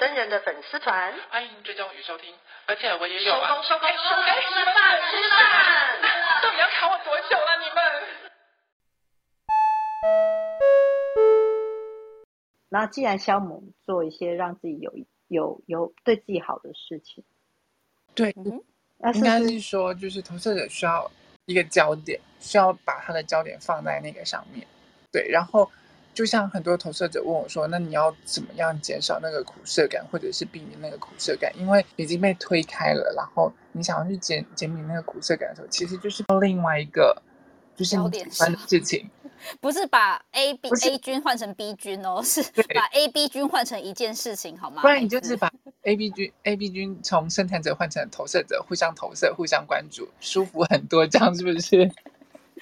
登人的粉絲團，歡迎追蹤與收聽，而且我也有到、啊、底要卡我多久了你們？那既然肖做一些讓自己有有有,有對自己好的事情，對，那、嗯、應該是說，就是投射者需要一個焦點，需要把他的焦點放在那個上面，對，然後。就像很多投射者問我說：“那你要怎麼樣減少那個苦澀感，或者是避免那個苦澀感？因為已經被推開了，然後你想要去減減免那個苦澀感的時候，其實就是另外一個就是麻煩事情。不是把 A B 是 A 菌換成 B 菌哦，是把 A B 菌換成一件事情好嗎？不然你就是把 AB A B 菌 A B 菌從生產者換成投射者，互相投射，互相關注，舒服很多，這樣是不是？”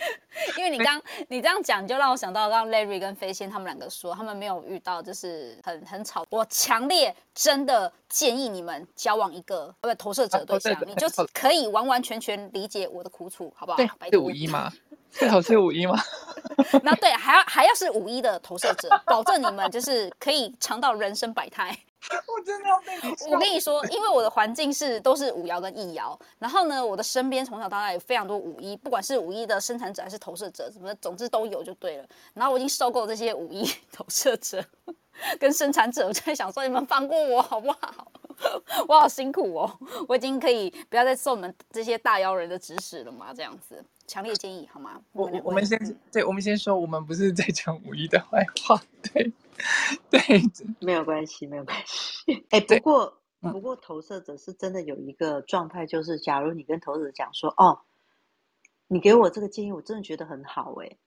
因為你剛、欸、你這樣講，就讓我想到剛 Larry 跟飛仙他們兩個說，他們沒有遇到就是很很吵。我強烈真的建議你們交往一個投射者對象，啊、你就可以完完全全理解我的苦楚，好不好？對，是五一嗎？最好是五一嗎？那對，還要還要是五一的投射者，保證你們就是可以嘗到人生百態。 我真的要我跟你說，因為我的環境是都是五爻跟一爻，然後呢，我的身邊從小到大有非常多五一，不管是五一的生產者還是投射者什麼的，總之都有就對了。然後我已經受夠這些五一投射者跟生產者，我在想說，你們放過我好不好？ 我好辛苦哦，我已經可以不要再受你們這些大妖人的指使了嘛。這樣子強烈建議好嗎？我我們先對，我們先說，我們不是在講五一的壞話，對。 對，沒有關係，沒有關係。哎，不過，嗯、不過投射者是真的有一個狀態，就是假如你跟投射者講說：“哦，你給我這個建議，我真的覺得很好、欸。”哎，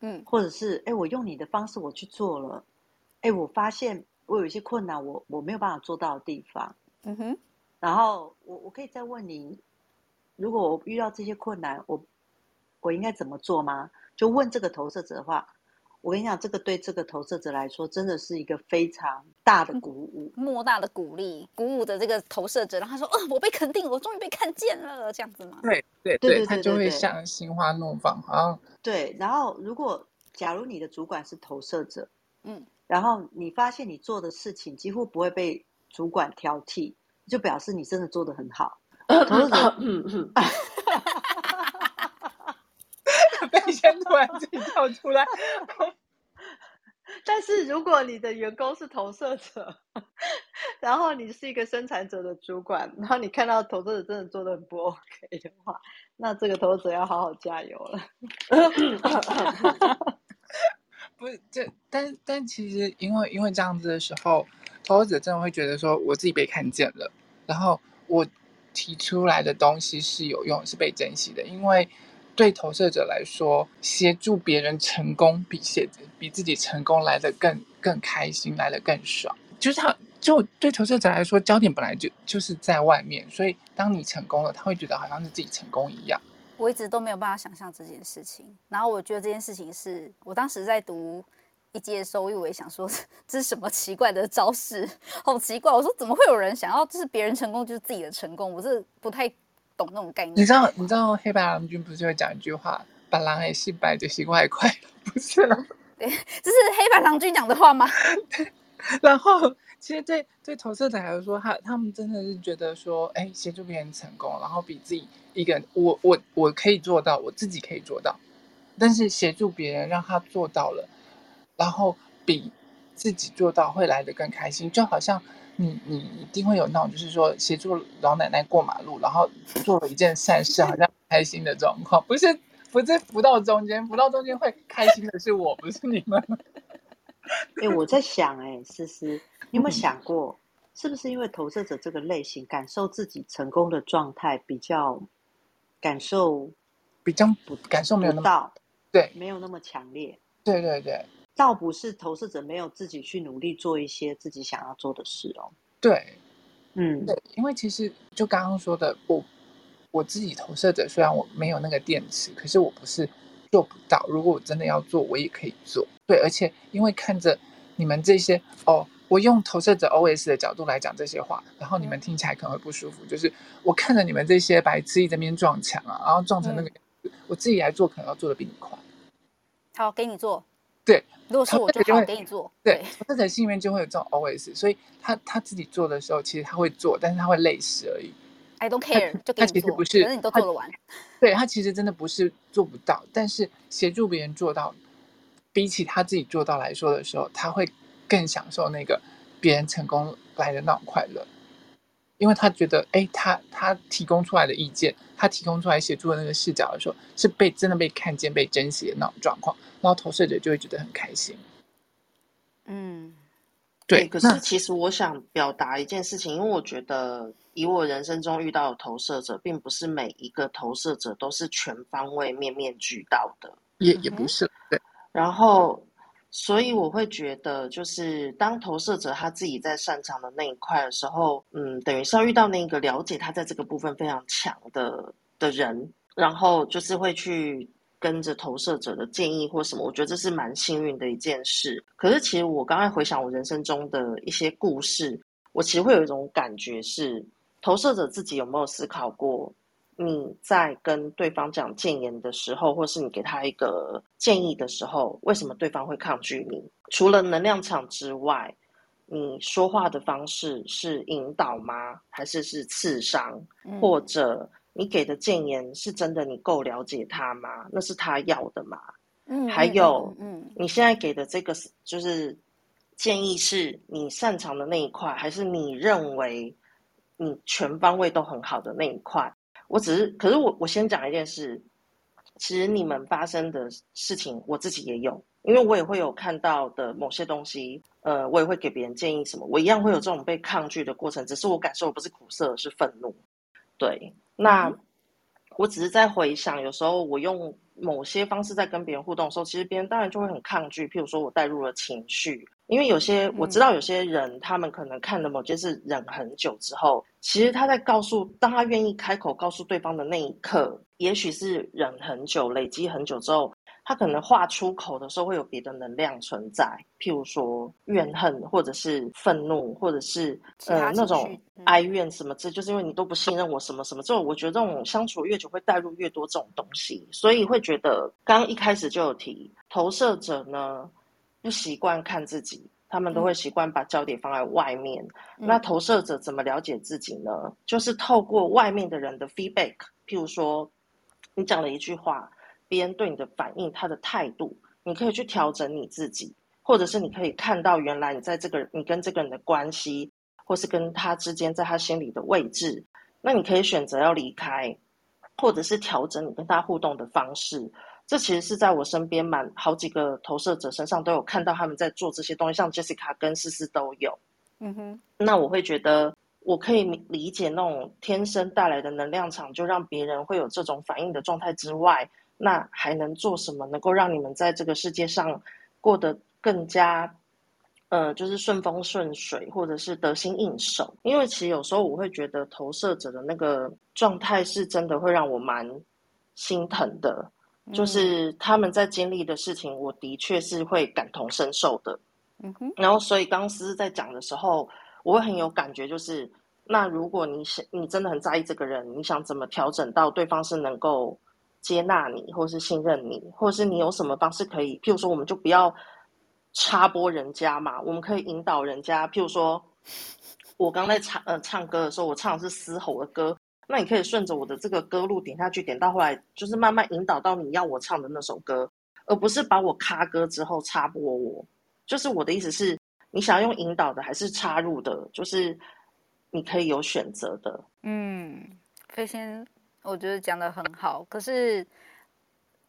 嗯，或者是：“哎，我用你的方式我去做了，哎，我發現我有一些困難我，我我沒有辦法做到的地方。嗯哼”嗯，然後我我可以再問你，如果我遇到這些困難，我我應該怎麼做嗎？就問這個投射者的話。我跟你講，這個對這個投射者來說，真的是一個非常大的鼓舞，莫、嗯、大的鼓勵，鼓舞着這個投射者。然後他說：“哦、呃，我被肯定，我終於被看見了，這樣子嘛。對”對對對，他就會像心花怒放啊。對，然後如果假如你的主管是投射者，嗯、然後你發現你做的事情幾乎不會被主管挑剔，就表示你真的做得很好。投射者，嗯、嗯。你先突然自己跳出來， 但是如果你的員工是投射者，然後你是一個生產者的主管，然後你看到投射者真的做的很不 OK 的話，那這個投射者要好好加油了。 不是，這但但其實，因為因為這樣子的時候，投射者真的會覺得說我自己被看見了，然後我提出來的東西是有用、是被珍惜的，因為。對投射者來說，協助別人成功比自己比自己成功來得更更開心，來得更爽。就是他，就對投射者來說，焦點本來就就是在外面，所以當你成功了，他會覺得好像是自己成功一樣。我一直都沒有辦法想象這件事情。然後我覺得這件事情是我當時在讀一階的時候，我也想說這是什麼奇怪的招式，好奇怪。我說怎麼會有人想要，就是別人成功就是自己的成功，我是不太。那種概念，你知道？你知道黑白郎君不是就會講一句話：“ 白狼還是白，就是外快，不是？”對，這是黑白郎君講的話嗎？ 對。然後，其實對對投射者來說，他他們真的是覺得說：“哎、欸，協助別人成功，然後比自己一個人，我我我可以做到，我自己可以做到，但是協助別人讓他做到了，然後比自己做到會來得更開心，就好像。”你你一定會有那種，就是說協助老奶奶過馬路，然後做了一件善事，好像開心的狀況，不是不是扶到中間，扶到中間會開心的是我，不是你們。哎、欸，我在想，欸，哎，思思，你有沒有想過，嗯，是不是因為投射者這個類型，感受自己成功的狀態比較感受比較不感受沒有到，對，沒有那麼強烈，對對對。倒不是投射者沒有自己去努力做一些自己想要做的事哦。對，嗯，對，因為其實就剛剛說的，我我自己投射者，雖然我沒有那個電池，可是我不是做不到。如果我真的要做，我也可以做。對，而且因為看着你們這些哦，我用投射者 OS 的角度來講這些話，然後你們聽起來可能會不舒服。嗯。就是我看着你們這些白痴在那邊撞牆啊，然後撞成那個對我自己來做可能要做的比你快。好，給你做。對，如果是我就，就，會我就好給你做。對，他在心裡面就會有這種 always。所以他他自己做的時候，其實他會做，但是他會累死而已。I don't care，就他其實不是，可能你都做得完。他對他其實真的不是做不到，但是協助別人做到，比起他自己做到來說的時候，他會更享受那個別人成功來的那種快樂。因為他覺得，哎，他他,他提供出來的意見，他提供出來協助的那個視角的時候，是被真的被看見、被珍惜的那種狀況，然後投射者就會覺得很開心。嗯，對。欸、那可是其實我想表達一件事情，因為我覺得，以我人生中遇到的投射者，並不是每一個投射者都是全方位、面面俱到的，嗯、哼也也不是。對然後。所以我會覺得，就是當投射者他自己在擅長的那一塊的時候，嗯，等於是要遇到那個了解他在這個部分非常強的的人，然後就是會去跟着投射者的建議或什麼，我覺得這是蠻幸運的一件事。可是其實我剛才回想我人生中的一些故事，我其實會有一種感覺是，投射者自己有沒有思考過？你在跟對方講建言的時候，或是你給他一個建議的時候，為什麼對方會抗拒你？除了能量場之外，你說話的方式是引導嗎？還是是刺傷？或者你給的建言是真的？你夠了解他嗎？那是他要的嗎？嗯，還有，嗯，你現在給的這個是就是建議，是你擅長的那一塊，還是你認為你全方位都很好的那一塊？我只是，可是我我先講一件事，其實你們發生的事情，我自己也有，因為我也會有看到的某些東西，呃，我也會給別人建議什麼，我一樣會有這種被抗拒的過程，只是我感受不是苦澀，是憤怒。對，那我只是在回想，有時候我用某些方式在跟別人互動的時候，其實別人當然就會很抗拒，譬如說我帶入了情緒。因為有些我知道。有些人他們可能看了某件事忍很久之後，其實他在告訴，當他願意開口告訴對方的那一刻，也許是忍很久、累積很久之後，他可能話出口的時候會有別的能量存在，譬如說怨恨，或者是憤怒，或者是呃那種哀怨什麼，這就是因為你都不信任我什麼什麼之後，我覺得這種相處越久會帶入越多這種東西，所以會覺得剛剛一開始就有提投射者呢。不習慣看自己，他們都會習慣把焦點放在外面。嗯、那投射者怎麼了解自己呢？嗯、就是透過外面的人的 feedback，譬如說，你講了一句話，別人對你的反應，他的態度，你可以去調整你自己，或者是你可以看到原來你在這個你跟這個人的關係，或是跟他之間在他心裡的位置，那你可以選擇要離開，或者是調整你跟他互動的方式。這其實是在我身邊蠻好幾個投射者身上都有看到他們在做這些東西，像 Jessica 跟思思都有。嗯哼，那我會覺得我可以理解那種天生帶來的能量場，就讓別人會有這種反應的狀態之外，那還能做什麼能夠讓你們在這個世界上過得更加呃就是順風順水，或者是得心應手？因為其實有時候我會覺得投射者的那個狀態是真的會讓我蠻心疼的。就是他們在經歷的事情，我的確是會感同身受的。嗯哼，然後所以剛剛思思在講的時候，我會很有感覺。就是那如果你想，你真的很在意這個人，你想怎麼調整到對方是能夠接納你，或是信任你，或是你有什麼方式可以？譬如說，我們就不要插播人家嘛，我們可以引導人家。譬如說，我剛在唱呃唱歌的時候，我唱的是嘶吼的歌。那你可以順着我的這個歌路點下去，點到後來就是慢慢引導到你要我唱的那首歌，而不是把我卡歌之後插播我。就是我的意思是，你想要用引導的還是插入的？就是你可以有選擇的。嗯，飛仙，我覺得講得很好。可是，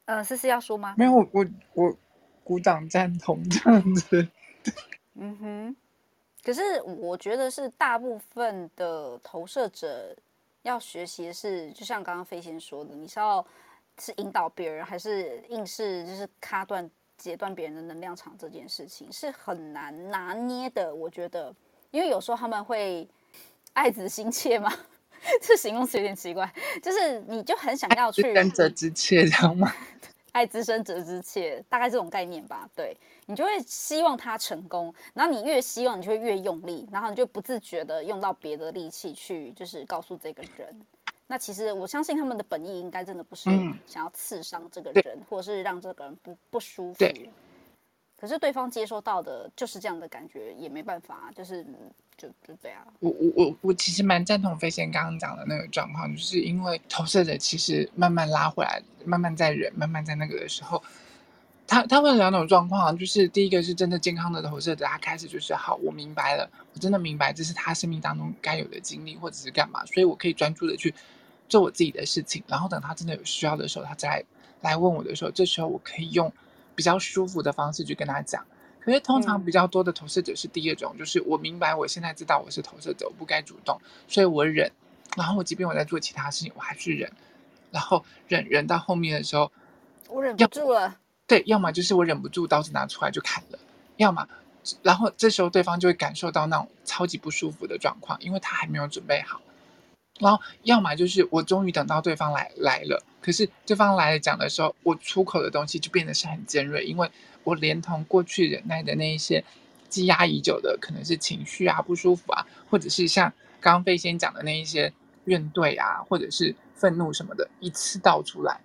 呃，是是要說嗎？沒有，我我,我鼓掌贊同這樣子。 嗯哼。可是我覺得是大部分的投射者。要學習的是，就像剛剛飛仙說的，你是要是引導別人，還是硬是就是卡斷截斷別人的能量場這件事情，是很難拿捏的。我覺得，因為有時候他們會愛子心切嘛，這 形容詞有點奇怪，就是你就很想要去跟着之切，知道 嗎？愛之深，責之切，大概這種概念吧。對，你就會希望他成功，然後你越希望，你就會越用力，然後你就不自覺的用到別的力氣去，就是告訴這個人。那其實我相信他們的本意應該真的不是想要刺傷這個人，嗯、或者是讓這個人不不舒服。可是對方接收到的就是這樣的感覺，也沒辦法，就是就就這樣，啊。我我我我其實蠻贊同飛仙剛剛講的那個狀況，就是因為投射者其實慢慢拉回來，慢慢在忍，慢慢在那個的時候，他他問兩種狀況，就是第一個是真的健康的投射者，他開始就是好，我明白了，我真的明白這是他生命當中該有的經歷或者是幹嘛，所以我可以專注的去做我自己的事情，然後等他真的有需要的時候，他再來，來問我的時候，這時候我可以用比較舒服的方式去跟他講，可是通常比較多的投射者是第一種。嗯、就是我明白我現在知道我是投射者，我不該主動，所以我忍，然後我即便我在做其他事情，我還是忍，然後忍忍到後面的時候，我忍不住了，對，要麼就是我忍不住，刀子拿出來就砍了，要麼，然後這時候對方就會感受到那種超級不舒服的狀況，因為他還沒有準備好。然後，要麼就是我終於等到對方來來了，可是對方來了講的時候，我出口的東西就變得是很尖銳，因為我連同過去忍耐的那一些積壓已久的，可能是情緒啊、不舒服啊，或者是像剛剛飛仙講的那一些怨懟啊，或者是憤怒什麼的，一次倒出來，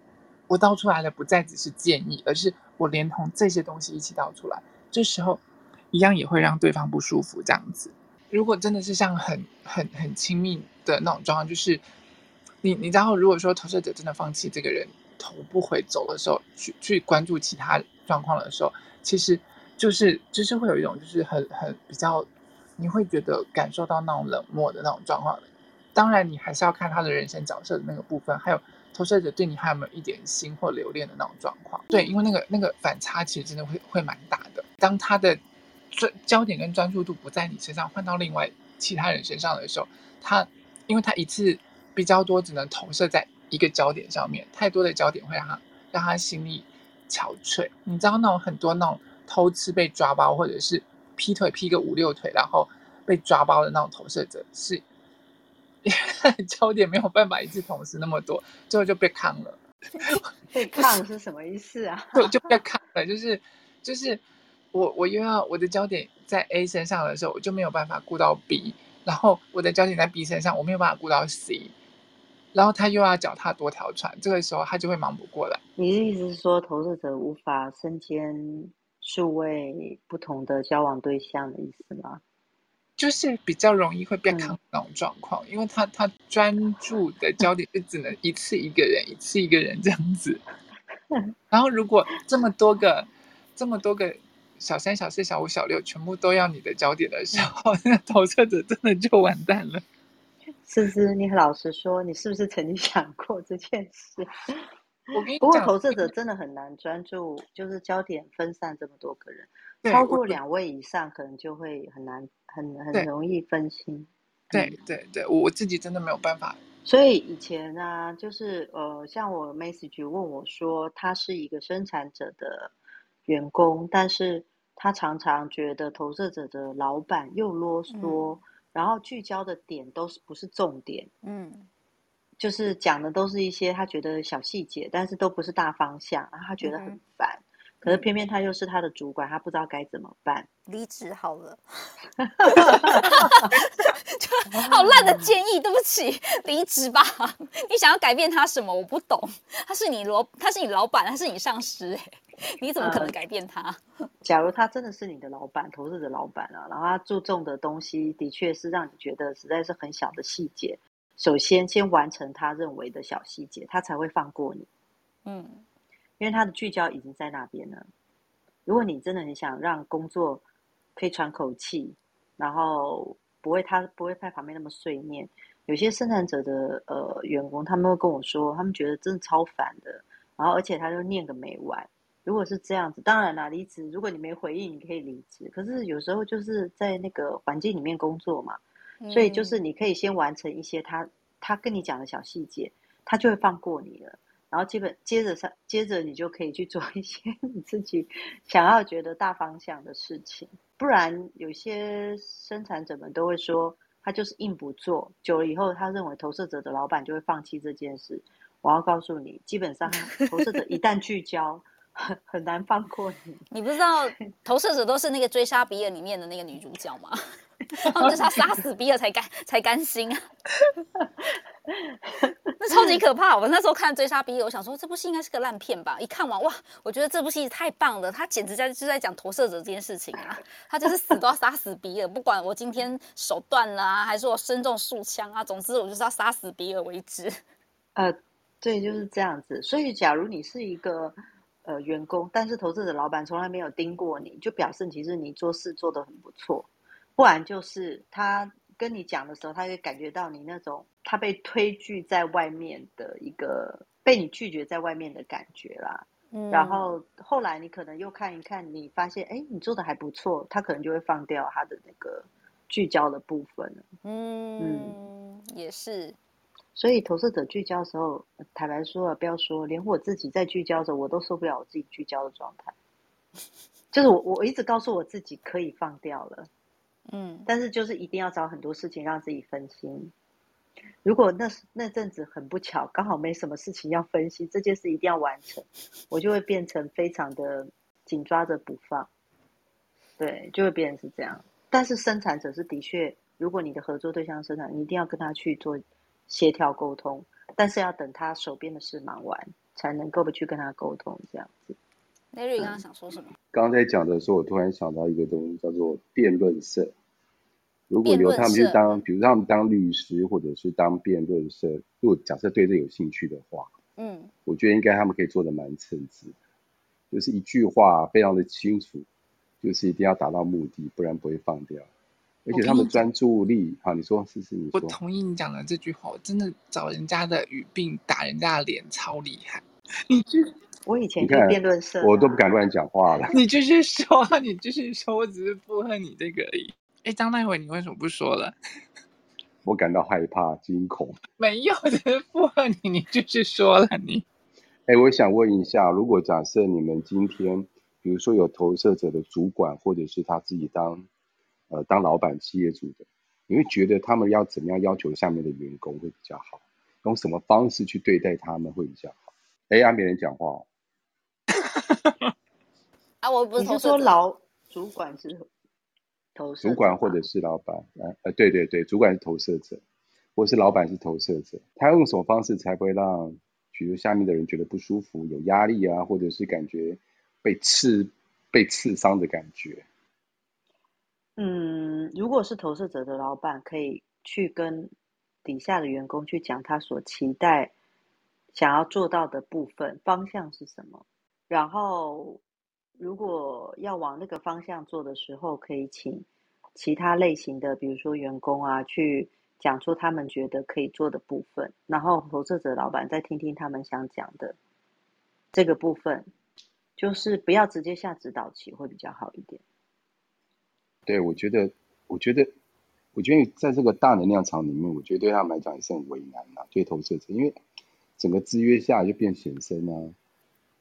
我倒出來的不再只是建議，而是我連同這些東西一起倒出來，這時候一樣也會讓對方不舒服，這樣子。如果真的是像很很很親密的那種狀況，就是你你然後如果說投射者真的放棄這個人，頭不回走的時候，去去關注其他狀況的時候，其實就是就是會有一種就是很很比較，你會覺得感受到那種冷漠的那種狀況，當然你還是要看他的人生角色的那個部分，還有投射者對你還有沒有一點心或留戀的那種狀況。對，因為那個那個反差其實真的會會蠻大的。當他的。這焦點跟專注度不在你身上，換到另外其他人身上的時候，他因為他一次比較多，只能投射在一個焦點上面，太多的焦點會讓他讓他心力憔悴。你知道那種很多那種偷吃被抓包，或者是劈腿劈個五六腿，然後被抓包的那種投射者是，因為焦點沒有辦法一次同時那麼多，最後就被坑了。被坑是什麼意思啊？就 就被坑了，就是就是。我我又要我的焦點在 A 身上的時候，我就沒有辦法顧到 B，然後我的焦點在 B 身上，我沒有辦法顧到 C，然後他又要腳踏多條船，這個時候他就會忙不過來。你的意思是說，投射者無法身兼數位不同的交往對象的意思嗎？就是比較容易會變成那種狀況，嗯、因為他他專注的焦點就只能一次一個人， 一次一個人這樣子。然後如果這麼多個， 這麼多個。小三、小四、小五、小六，全部都要你的焦點的時候，那、嗯、投射者真的就完蛋了。思思，你很老實說，你是不是曾經想過這件事？我跟你講，不過，投射者真的很難專注，就是焦點分散這麼多個人，對超過兩位以上，可能就會很難，對很很容易分心對、嗯。對對對，我我自己真的沒有辦法。所以以前呢、啊，就是呃，像我 message 問我說，他是一個生產者的。員工，但是他常常覺得投射者的老板又囉嗦，嗯、然後聚焦的點都是不是重點，嗯，就是講的都是一些他覺得小細節，但是都不是大方向，然後他覺得很煩。嗯可是偏偏他又是他的主管，他不知道該怎麼辦。離職好了， 好爛的建議，哇對不起，離職吧。你想要改變他什麼？我不懂。他是你老，他是你老闆，他是你上司，你怎麼可能改變他？呃、假如他真的是你的老闆，投資的老闆了、啊，然後他注重的東西的確是讓你覺得實在是很小的細節。首先，先完成他認為的小細節，他才會放過你。嗯。因為他的聚焦已經在那邊了。如果你真的很想讓工作可以喘口氣，然後不會他不會在旁邊那麼碎念，有些生產者的呃員工，他們會跟我說，他們覺得真的超煩的。然後而且他就念個沒完。如果是這樣子，當然啦，離職如果你沒回應，你可以離職。可是有時候就是在那個環境裡面工作嘛，所以就是你可以先完成一些他、嗯、他跟你講的小細節，他就會放過你了。然後基本接着上，接着你就可以去做一些你自己想要覺得大方向的事情。不然有些生產者們都會說，他就是硬不做，久了以後他認為投射者的老板就會放棄這件事。我要告訴你，基本上投射者一旦聚焦。 很難放過你。你不知道投射者都是那個追殺比爾裡面的那個女主角嗎？ 他們就是要殺死比爾才甘才甘心啊！ 那超級可怕！我那時候看追殺比爾，我想說這部戲應該是個爛片吧？一看完哇，我覺得這部戲太棒了！他簡直就是在就在講投射者這件事情啊！他就是死都要殺死比爾， 不管我今天手斷了啊，還是我身中數槍啊，總之我就是要殺死比爾為止。呃，對，就是這樣子。所以假如你是一個。呃，員工，但是投射者、老板從來沒有盯過你，就表示其實你做事做得很不錯，不然就是他跟你講的時候，他也感覺到你那種他被推拒在外面的一個被你拒絕在外面的感覺啦。嗯，然後後來你可能又看一看，你發現哎、欸，你做的還不錯，他可能就會放掉他的那個聚焦的部分。嗯，嗯也是。所以投射者聚焦的時候，坦白說啊，不要說，連我自己在聚焦的時候，我都受不了我自己聚焦的狀態。就是我，我我一直告訴我自己可以放掉了，嗯，但是就是一定要找很多事情讓自己分心。如果那那陣子很不巧，剛好沒什麼事情要分析，這件事一定要完成，我就會變成非常的緊抓着不放。對，就會變成是這樣。但是生產者是的確，如果你的合作對象生產，你一定要跟他去做協調溝通，但是要等他手邊的事忙完，才能夠去跟他溝通這樣子。Larry，剛剛想說什麼？剛才講的時候，我突然想到一個東西，叫做辯論社。如果由他們去當，比如他們當律師，或者是當辯論社，如果假設對這有興趣的話，嗯，我覺得應該他們可以做得蠻稱職的。就是一句話非常的清楚，就是一定要達到目的，不然不會放掉。而且他們的專注力，好、啊，你說，思思，你說。我同意你講的這句話，我真的找人家的語病打人家的臉，超厲害。你就，我以前是辯論社，我都不敢亂講話了。你就是說，你就是說，我只是附和你這個而已。哎、欸，張大偉，你為什麼不說了？我感到害怕、驚恐。沒有，只是附和你。你就是說了，你。哎、欸，我想問一下，如果假設你們今天，比如說有投射者的主管，或者是他自己當。呃，當老闆、企業主的，你會覺得他們要怎麼樣要求下面的員工會比較好？用什麼方式去對待他們會比較好？哎，呀、啊、沒人講話，啊，我不是，說老主管是投主管或者是老闆？呃對對對，主管是投射者，或者是老闆是投射者，他用什麼方式才不會讓，比如下面的人覺得不舒服、有壓力啊，或者是感覺被刺、被刺傷的感覺？嗯，如果是投射者的老闆，可以去跟底下的員工去講他所期待、想要做到的部分，方向是什麼。然後，如果要往那個方向做的時候，可以請其他類型的，比如說員工啊，去講出他們覺得可以做的部分。然後，投射者的老闆再聽聽他們想講的這個部分，就是不要直接下指導棋會比較好一點。對，我覺得，我覺得，我覺得在這個大能量場裡面，我覺得對他們來講也是很為難吶、啊，對投射者，因為整個制約下就變顯身呢，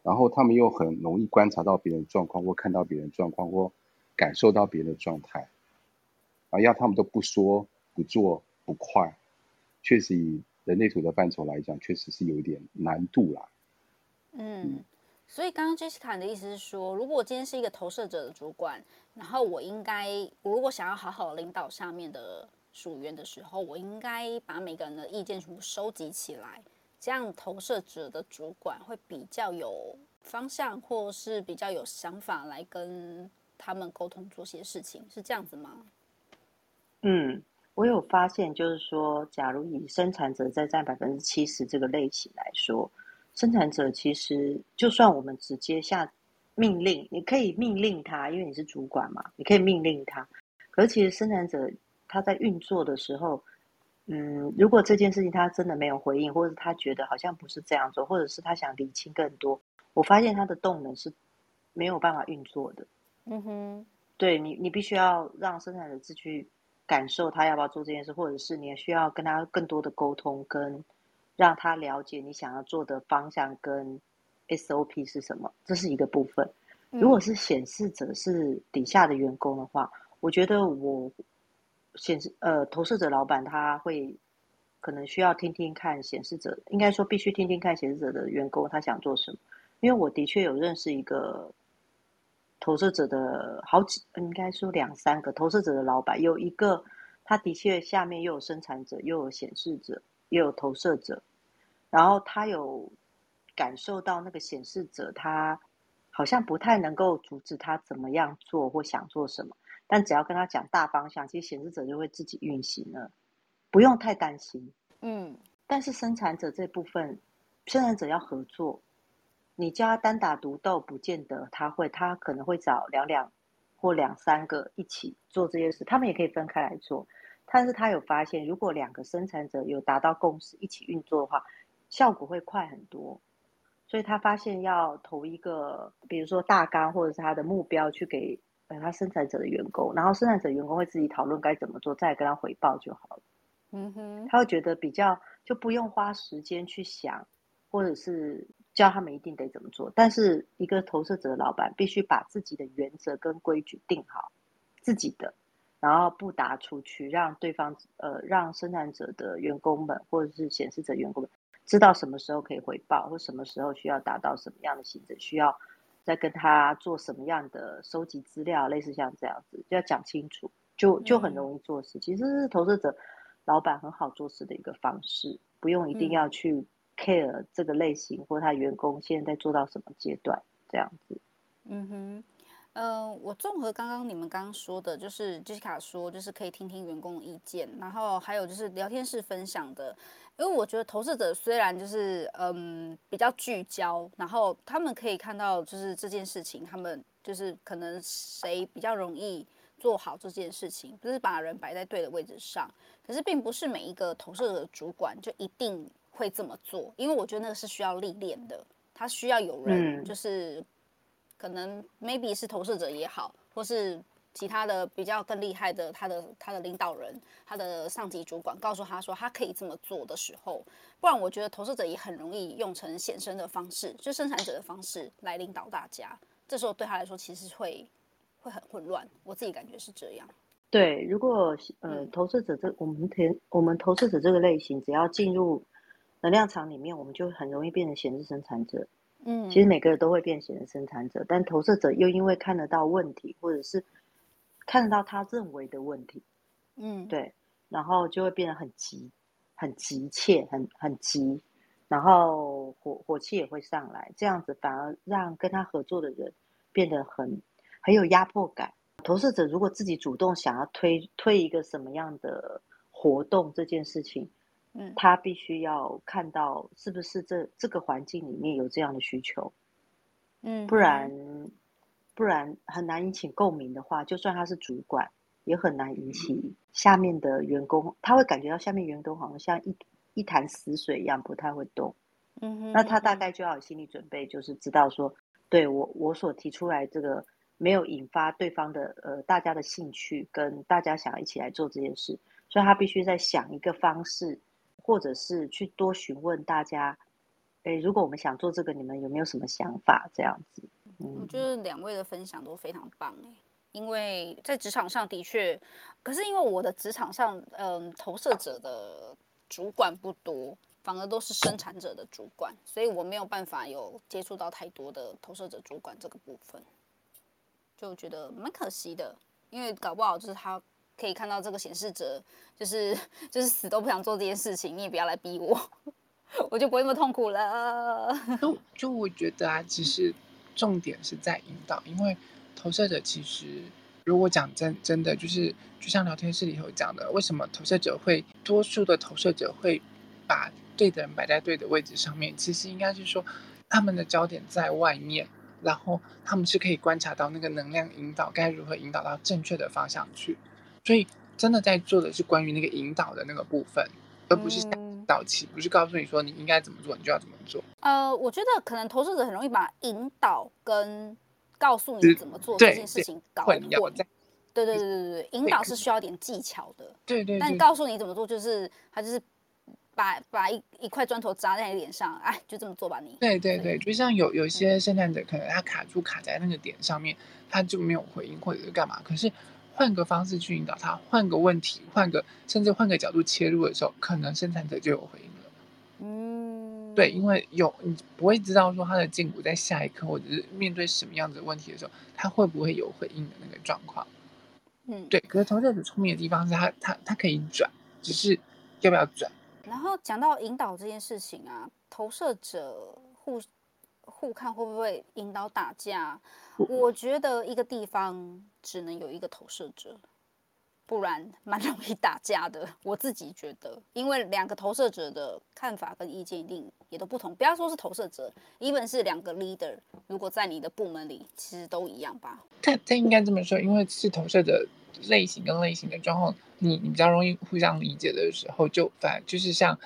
然後他們又很容易觀察到別人狀況，或看到別人狀況，或感受到別人的狀態，啊，要他們都不說、不做、不快，確實以人類圖的範疇來講，確實是有點難度啦、啊。嗯。所以剛剛 Jessica 的意思是說，如果我今天是一個投射者的主管，然後我應該，我如果想要好好領導下面的屬員的時候，我應該把每個人的意見全部收集起來，這樣投射者的主管會比較有方向，或是比較有想法來跟他們溝通做些事情，是這樣子嗎？嗯，我有發現，就是說，假如以生產者在佔百分之七十這個類型來說。生產者其實，就算我們直接下命令，你可以命令他，因為你是主管嘛，你可以命令他。可是其實生產者他在運作的時候，嗯，如果這件事情他真的沒有回應，或者他覺得好像不是這樣做，或者是他想理清更多，我發現他的動能是沒有辦法運作的。嗯哼，對，你，你必須要讓生產者自己感受他要不要做這件事，或者是你需要跟他更多的溝通跟。讓他了解你想要做的方向跟 SOP 是什麼，這是一個部分。如果是顯示者是底下的員工的話，我覺得我顯示呃，投射者老闆他會可能需要聽聽看顯示者，應該說必須聽聽看顯示者的員工他想做什麼。因為我的確有認識一個投射者的，好幾應該說兩三個投射者的老闆，有一個他的確下面又有生產者，又有顯示者。也有投射者，然後他有感受到那個顯示者，他好像不太能夠阻止他怎麼樣做或想做什麼，但只要跟他講大方向，其實顯示者就會自己運行了，不用太擔心。嗯，但是生產者這部分，生產者要合作，你叫他單打獨鬥，不見得他會，他可能會找兩兩或兩三個一起做這些事，他們也可以分開來做。但是他有發現，如果兩個生產者有達到共識一起運作的話，效果會快很多。所以他發現要投一個，比如說大綱或者是他的目標，去給呃他生產者的員工，然後生產者員工會自己討論該怎麼做，再跟他回報就好了。嗯哼，他會覺得比較就不用花時間去想，或者是教他們一定得怎麼做。但是一個投射者的老闆必須把自己的原則跟規矩定好，自己的。然後不打出去，讓對方呃，讓生產者的員工們或者是顯示者員工們知道什麼時候可以回報，或什麼時候需要達到什麼樣的性質，需要再跟他做什麼樣的收集資料，類似像這樣子，要講清楚，就就很容易做事。嗯、其實是投射者老闆很好做事的一個方式，不用一定要去 care 這個類型，嗯、或他員工現在在做到什麼階段這樣子。嗯哼。嗯、呃，我綜合剛剛你們剛剛說的，就是 Jessica 說，就是可以聽聽員工的意見，然後還有就是聊天室分享的。因為我覺得投射者雖然就是嗯比較聚焦，然後他們可以看到就是這件事情，他們就是可能誰比較容易做好這件事情，就是把人擺在對的位置上，可是並不是每一個投射者的主管就一定會這麼做，因為我覺得那個是需要歷練的，他需要有人就是。可能 maybe 是投射者也好，或是其他的比較更厲害的他的他的領導人，他的上級主管告訴他說他可以這麼做的時候，不然我覺得投射者也很容易用成顯身的方式，就生產者的方式來領導大家。這時候對他來說其實會會很混亂，我自己感覺是這樣。對，如果呃投射者這我們投我們投射者這個類型，只要進入能量場裡面，我們就很容易變成顯示生產者。嗯，其實每個人都會變形成生產者，嗯、但投射者又因為看得到問題，或者是看得到他認為的問題，嗯，對，然後就會變得很急、很急切、很很急，然後火火氣也會上來，這樣子反而讓跟他合作的人變得很很有壓迫感。投射者如果自己主動想要推推一個什麼樣的活動這件事情。嗯，他必須要看到是不是這這個環境裡面有這樣的需求，嗯哼，不然不然很難引起共鳴的話，就算他是主管，也很難引起下面的員工，嗯、哼他會感覺到下面員工好像像一一潭死水一樣不太會動，嗯哼，那他大概就要有心理準備，就是知道說，對我我所提出來這個沒有引發對方的呃大家的興趣跟大家想要一起來做這件事，所以他必須在想一個方式。或者是去多詢問大家，誒、欸，如果我們想做這個，你們有沒有什麼想法？這樣子，嗯，我覺得兩位的分享都非常棒欸，因為在職場上的確，可是因為我的職場上，嗯，投射者的主管不多，反而都是生產者的主管，所以我沒有辦法有接觸到太多的投射者主管這個部分，就覺得蠻可惜的，因為搞不好就是他。可以看到這個顯示者，就是就是死都不想做這件事情，你也不要來逼我，我就不會那麼痛苦了。就，就我覺得啊，其實重點是在引導，因為投射者其實如果講真真的，就是就像聊天室裡頭講的，為什麼投射者會多數的投射者會把對的人擺在對的位置上面？其實應該是說他們的焦點在外面，然後他們是可以觀察到那個能量引導該如何引導到正確的方向去。所以，真的在做的是關於那個引導的那個部分，而不是導起，嗯、不是告訴你說你應該怎麼做，你就要怎麼做。呃，我覺得可能投射者很容易把引導跟告訴你怎麼做這件事情搞混掉。對對對對對，引導是需要點技巧的。對，對對。但告訴你怎麼做，就是他就是把把一一塊磚頭砸在你臉上，哎，就這麼做吧，你。對對對，以就像有有些生產者，可能他卡住卡在那個點上面，嗯、他就沒有回應或者是幹嘛，可是。換個方式去引導他，換個問題，換個甚至換個角度切入的時候，可能生產者就有回應了。嗯，對，因為有你不會知道說他的薦骨在下一刻或者是面對什麼樣子的問題的時候，他會不會有回應的那個狀況。嗯，對。可是投射者聰明的地方是他，他，他可以轉，只是要不要轉。然後講到引導這件事情啊，投射者互。互看會不會引導打架？我覺得一個地方只能有一個投射者，不然蠻容易打架的。我自己覺得，因為兩個投射者的看法跟意見一定也都不同。不要說是投射者，even 是兩個 leader，如果在你的部門裡，其實都一樣吧。他他應該這麼說，因為是投射者類型跟類型的狀況，你你比較容易互相理解的時候，就反就是像，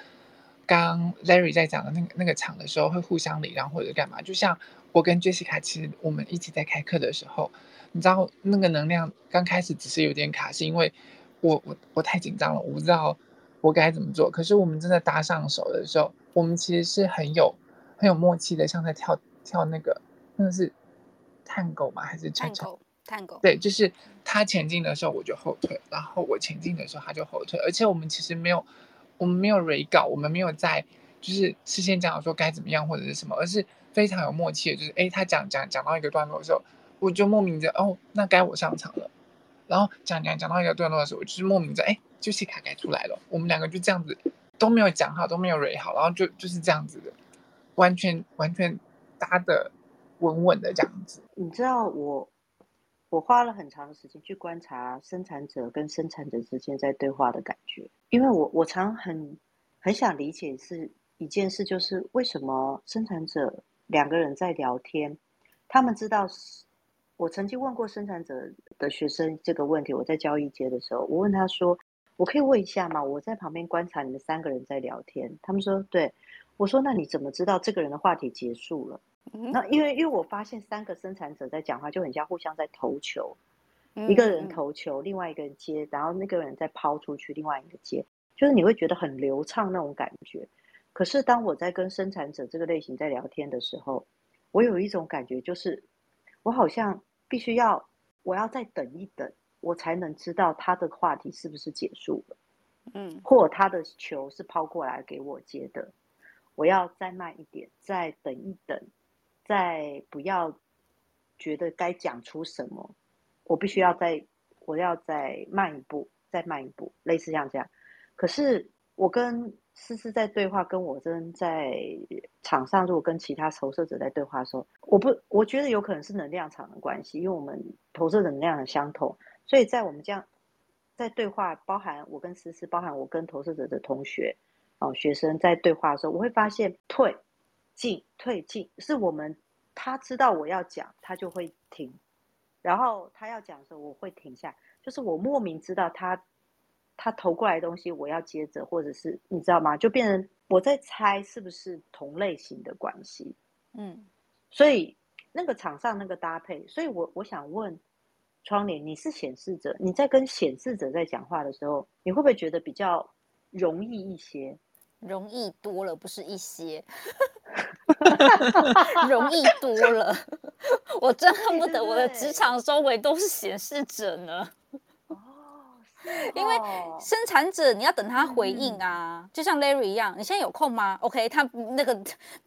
剛 Larry 在講的那個那個場的時候，會互相禮讓或者幹嘛？就像我跟 Jessica，其實我們一起在開課的時候，你知道那個能量剛開始只是有點卡，是因為我我我太緊張了，我不知道我該怎麼做。可是我們真的搭上手的時候，我們其實是很有很有默契的，像在跳跳那個，那個是探戈嗎？還是探戈？探戈？對，就是他前進的時候我就後退，然後我前進的時候他就後退，而且我們其實沒有。我們沒有 re 稿，我們沒有在就是事先講說該怎麼樣或者是什麼，而是非常有默契的，就是哎，他講講講到一個段落的時候，我就莫名的哦，那該我上場了。然後講講講到一個段落的時候，我就是莫名的哎，就戲卡該出來了。我們兩個就這樣子都沒有講好，都沒有 re 好，然後就就是這樣子的，完全完全搭的穩穩的這樣子。你知道我？我花了很長的時間去觀察生產者跟生產者之間在對話的感覺，因為我我常很很想理解是一件事，就是為什麼生產者兩個人在聊天，他們知道是我曾經問過生產者的學生這個問題，我在交易街的時候，我問他說，我可以問一下嗎？我在旁邊觀察你們三個人在聊天，他們說，對。我說那你怎麼知道這個人的話題結束了？那因為因為我發現三個生產者在講話就很像互相在投球，一個人投球，另外一個人接，然後那個人再拋出去，另外一個接，就是你會覺得很流暢那種感覺。可是當我在跟生產者這個類型在聊天的時候，我有一種感覺，就是我好像必須要我要再等一等，我才能知道他的話題是不是結束了，嗯，或他的球是拋過來給我接的，我要再慢一點，再等一等。在不要覺得該講出什麼，我必須要再，我要再慢一步，再慢一步，類似像這樣。可是我跟思思在對話，跟我真在場上，如果跟其他投射者在對話的時候，我不，我覺得有可能是能量場的關係，因為我們投射的能量很相同，所以在我們這樣在對話，包含我跟思思，包含我跟投射者的同學、哦學生在對話的時候，我會發現退。進退進是我們，他知道我要講，他就會停；然後他要講的時候，我會停下。就是我莫名知道他，他投過來的東西，我要接着，或者是你知道嗎？就變成我在猜是不是同類型的關係。嗯，所以那個場上那個搭配，所以我我想問窗簾，你是顯示者，你在跟顯示者在講話的時候，你會不會覺得比較容易一些？容易多了，不是一些， 容易多了。 我真恨不得我的職場周圍都是顯示者呢。因為生產者你要等他回應啊，就像 Larry 一樣，你現在有空嗎？OK，他那個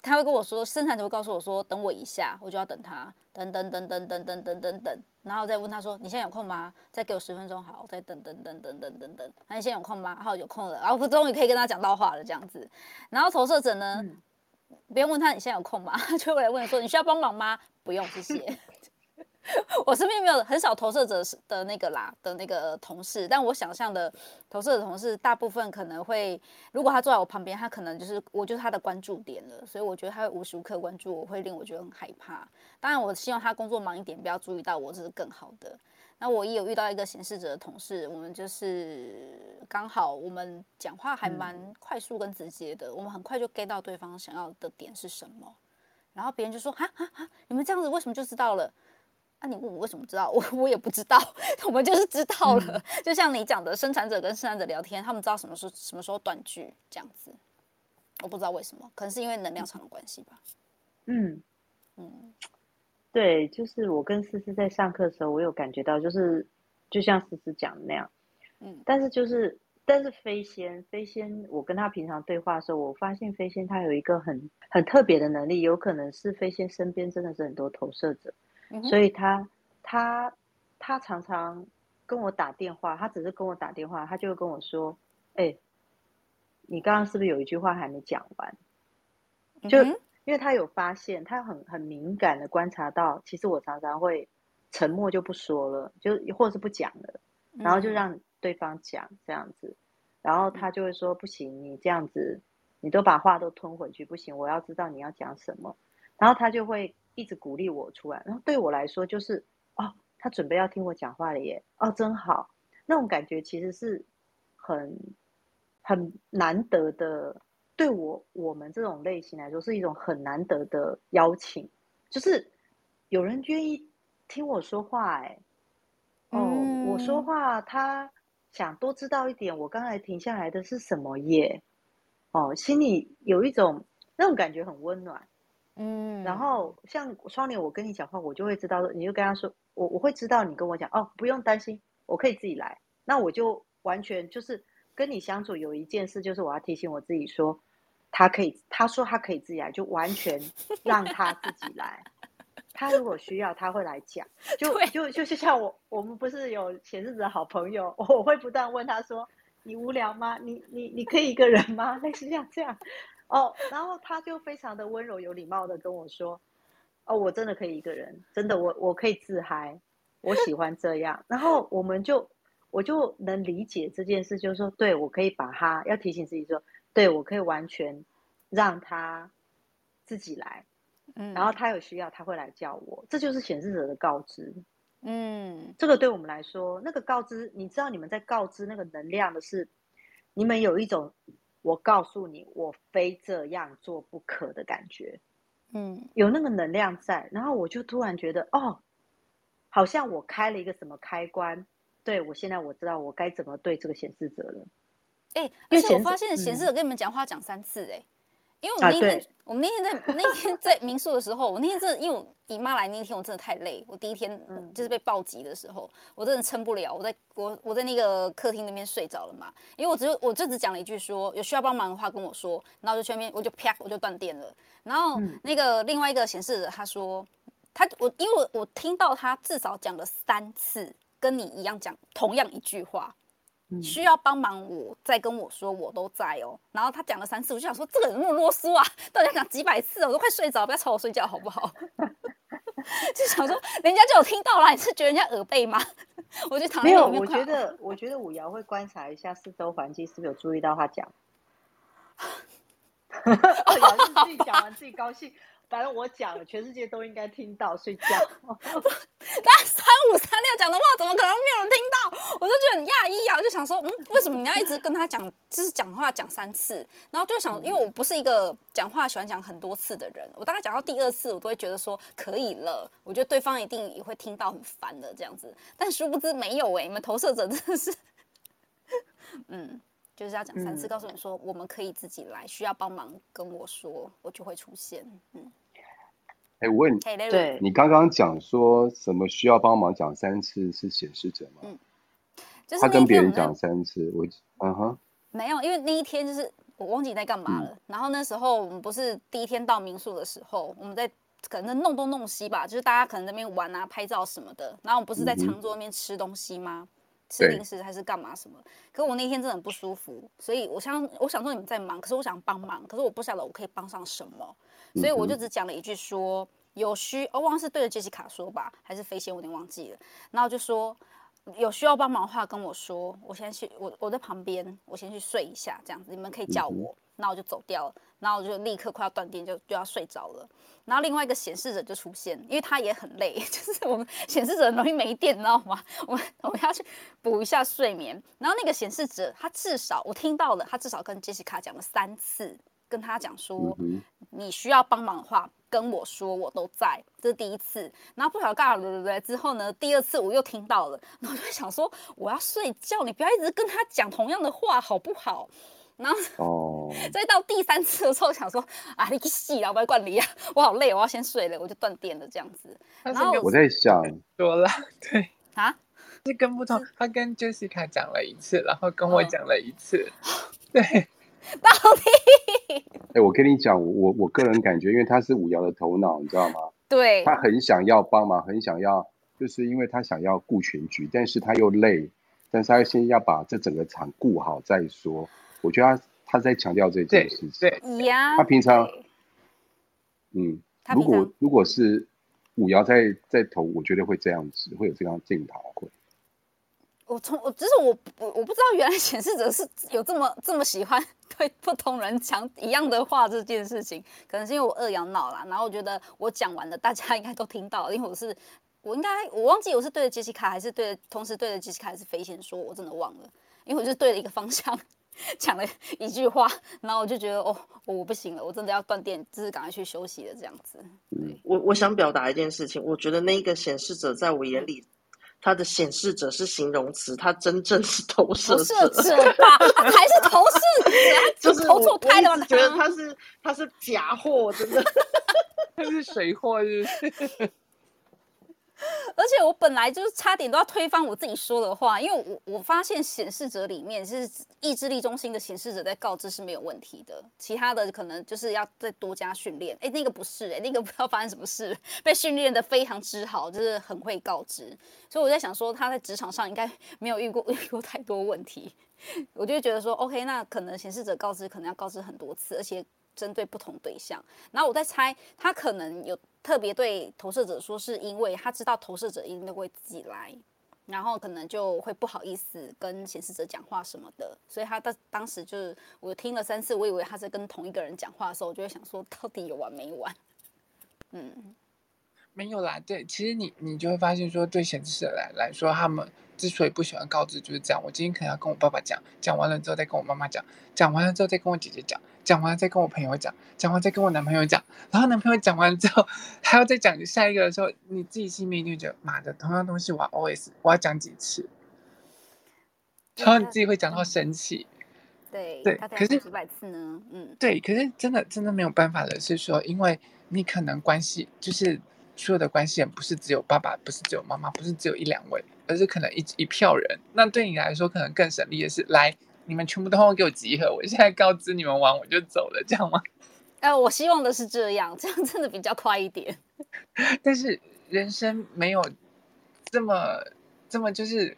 他會跟我說，生產者會告訴我說，等我一下，我就要等他，等等等等等等等等，然後再問他說，你現在有空嗎？再給我十分鐘，好，我再等等等等等等等，你現在有空嗎？好，有空了，然後我終於可以跟他講到話了這樣子。然後投射者呢，別人問他你現在有空嗎？就會來問說，你需要幫忙嗎？不用，謝謝。 我身邊沒有很少投射者的那個啦的那個同事，但我想象的投射的同事，大部分可能會，如果他坐在我旁邊，他可能就是我就是他的關注點了，所以我覺得他會無時無刻關注我，會令我覺得很害怕。當然，我希望他工作忙一點，不要注意到我是更好的。那我也有遇到一個顯示者的同事，我們就是剛好我們講話還蠻快速跟直接的，嗯、我們很快就 get 到對方想要的點是什麼，然後別人就說啊啊啊，你們這樣子為什麼就知道了？那、啊、你問我為什麼知道？我我也不知道， 我們就是知道了。嗯、就像你講的，生產者跟生產者聊天，他們知道什麼時候什麼時候斷句這樣子。我不知道為什麼，可能是因為能量場的關係吧。嗯嗯，嗯對，就是我跟思思在上課的時候，我有感覺到、就是，就是就像思思講的那樣，嗯。但是就是，但是飛仙飛仙，我跟他平常對話的時候，我發現飛仙他有一個很很特別的能力，有可能是飛仙身邊真的是很多投射者。所以他他他常常跟我打電話，他只是跟我打電話，他就會跟我說：“哎，你剛剛是不是有一句話還沒講完？”就因為他有發現，他很很敏感的觀察到，其實我常常會沉默就不說了，就或者是不講了，然後就讓對方講這樣子，然後他就會說：“不行，你這樣子，你都把話都吞回去，不行，我要知道你要講什麼。”然後他就會。一直鼓勵我出來，然後對我來說就是哦，他準備要聽我講話了耶！哦，真好，那種感覺其實是很很難得的。對我我們這種類型來說，是一種很難得的邀請，就是有人願意聽我說話。哎，哦，我說話，他想多知道一點我剛才停下來的是什麼耶！哦，心裡有一種那種感覺很溫暖。嗯，然後像雙年，我跟你講話，我就會知道，你就跟他說，我我會知道你跟我講哦，不用擔心，我可以自己來。那我就完全就是跟你相處有一件事，就是我要提醒我自己說，他可以，他說他可以自己來，就完全讓他自己來。 他如果需要，他會來講。就就就是像我，我們不是有前日子的好朋友，我會不斷問他說，你無聊嗎？你你你可以一個人嗎？ 類似像這樣。這樣哦，然後他就非常的溫柔有禮貌的跟我說：“哦，我真的可以一個人，真的我我可以自嗨，我喜歡這樣。” 然後我們就我就能理解這件事，就是說，對我可以把他要提醒自己說，對我可以完全讓他自己來，嗯，然後他有需要他會來叫我，這就是顯示者的告知。嗯，這個對我們來說，那個告知，你知道你們在告知那個能量的是，你們有一種。我告訴你，我非這樣做不可的感覺，嗯，有那個能量在，然後我就突然覺得，哦，好像我開了一個什麼開關，對，我現在我知道我該怎麼對這個顯示者了，哎、欸，而且我發現顯示者跟你們講話講、嗯、三次、欸，哎。因為我那天，啊、我那天在那天在民宿的時候， 我那天真的，因為我姨媽來那天，我真的太累。我第一天就是被暴擊的時候，嗯、我真的撐不了。我在我我在那個客廳那邊睡着了嘛，因為我只有我就只講了一句說，說有需要幫忙的話跟我說，然後就全面我就啪我就斷電了。然後那個另外一個顯示者，他說他我因為我,我聽到他至少講了三次跟你一樣講同樣一句話。需要幫忙我，我再跟我說，我都在哦。然後他講了三次，我就想說這個人那麼囉嗦啊，到底要講幾百次，哦，我都快睡着，不要吵我睡覺好不好？ 就想說人家就有聽到了，你是覺得人家耳背嗎？ 我就躺在後面，沒有，我覺得、啊、我覺得五瑤會觀察一下四周環境，是不是有注意到他講？五瑤是自己講完自己高興。反正我講，全世界都應該聽到，睡覺。我 那三五三六講的話，怎麼可能沒有人聽到？我就覺得很訝異啊，我就想說，嗯，為什麼你要一直跟他講， 就是講話講三次？然後就想，因為我不是一個講話喜歡講很多次的人，我大概講到第二次，我都會覺得說可以了。我覺得對方一定也會聽到，很煩的這樣子。但殊不知沒有哎、欸，你們投射者真的是， 嗯，就是要講三次，嗯、告訴你說，我們可以自己來，需要幫忙跟我說，我就會出現，嗯。哎，hey, 我問你，你剛剛講說什麼需要幫忙？講三次是顯示者嗎？嗯，就是、他跟別人講三次，我，啊、uh、哈，huh、沒有，因為那一天就是我忘記在幹嘛了。嗯、然後那時候我們不是第一天到民宿的時候，我們在可能在弄東弄西吧，就是大家可能在那邊玩啊、拍照什麼的。然後我們不是在長桌那邊吃東西嗎？嗯、哼吃零食還是幹嘛什麼？對可我那天真的很不舒服，所以我想我想說你們在忙，可是我想幫忙，可是我不曉得我可以幫上什麼。所以我就只講了一句說，說有需，哦，忘了是對着杰西卡說吧，還是飛仙，我有點忘記了。然後就說有需要幫忙的話跟我說，我先去，我我在旁邊，我先去睡一下，這樣子你們可以叫我，那我就走掉了。然後我就立刻快要斷電就，就就要睡着了。然後另外一個顯示者就出現，因為他也很累，就是我們顯示者很容易沒電，你知道嗎？我我要去補一下睡眠。然後那個顯示者，他至少我聽到了，他至少跟杰西卡講了三次。跟他講說，嗯、哼你需要幫忙的話跟我說，我都在。這是第一次，然後不曉得幹了什麼，之後呢，第二次我又聽到了，然後我就想說我要睡覺，你不要一直跟他講同樣的話好不好？然後哦，再到第三次的時候想說啊，你去死了，不要管你啊，我好累，我要先睡了，我就斷電了這樣子。是然後我，我在想，多了對了對啊，啊，跟不同。是他跟 Jessica 講了一次，然後跟我講了一次，嗯、對。暴力。哎、欸，我跟你講，我我個人感覺，因為他是五爻的頭腦，你知道嗎？對，他很想要幫忙，很想要，就是因為他想要顧全局，但是他又累，但是他先要把這整個場顧好再說。我覺得他他在強調這件事情。對對，他平常，對嗯常如，如果如果是五爻在在投，我覺得會這樣子，會有這樣研頭會。我從我只是我我我不知道原來顯示者是有這麼這麼喜歡對不同人講一樣的話這件事情，可能是因為我二養腦啦。然後我覺得我講完了，大家應該都聽到了，因為我是我應該我忘記我是對着 Jessica 還是對著同時對着 Jessica 還是飛仙說，我真的忘了，因為我就對著一個方向講了一句話，然後我就覺得哦，我不行了，我真的要斷電，就是趕快去休息了這樣子。我我想表達一件事情，我覺得那一個顯示者在我眼裡，它的顯示者是形容詞，它真正是投射者，還是投射者， 就是投錯胎了覺得他是他是假貨，真的，他是水貨，就是。而且我本來就是差點都要推翻我自己說的話，因為我我發現顯示者裡面就是意志力中心的顯示者在告知是沒有問題的，其他的可能就是要再多加訓練。哎、欸，那個不是、欸，哎，那個不知道發生什麼事，被訓練得非常之好，就是很會告知。所以我在想說，他在職場上應該沒有遇過遇過太多問題，我就覺得說，OK，那可能顯示者告知可能要告知很多次，而且。針對不同對象，然後我在猜，他可能有特別對投射者說，是因為他知道投射者一定都會自己來，然後可能就會不好意思跟顯示者講話什麼的，所以他當時就是我聽了三次，我以為他是跟同一個人講話的時候，我就會想說到底有完沒完？嗯，沒有啦，對，其實你你就會發現說，對顯示者來來說，他們。之所以不喜歡告知，就是這樣。我今天可能要跟我爸爸講，講完了之後再跟我媽媽講，講完了之後再跟我姐姐講，講完了再跟我朋友講，講完再跟我男朋友講。然後男朋友講完之後，還要再講下一個的時候，你自己心裡就覺得，媽的，同樣東西我要 always 我要講幾次，然後你自己會講到生氣。對對，可是幾百次呢？嗯，對，可是真的真的沒有辦法的是說，因為你可能關係就是所有的關係，也不是只有爸爸，不是只有媽媽，不是只有一兩位。而是可能一一票人，那對你來說可能更省力的是，來，你們全部都給我集合，我現在告知你們完我就走了，這樣嗎？哎、呃，我希望的是這樣，這樣真的比較快一點。 但是人生沒有這麼這麼就是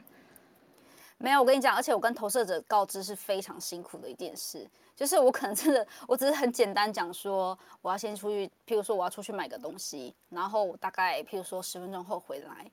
沒有。我跟你講，而且我跟投射者告知是非常辛苦的一件事，就是我可能真的我只是很簡單講說，我要先出去，譬如說我要出去買個東西，然後我大概譬如說十分鐘後回來。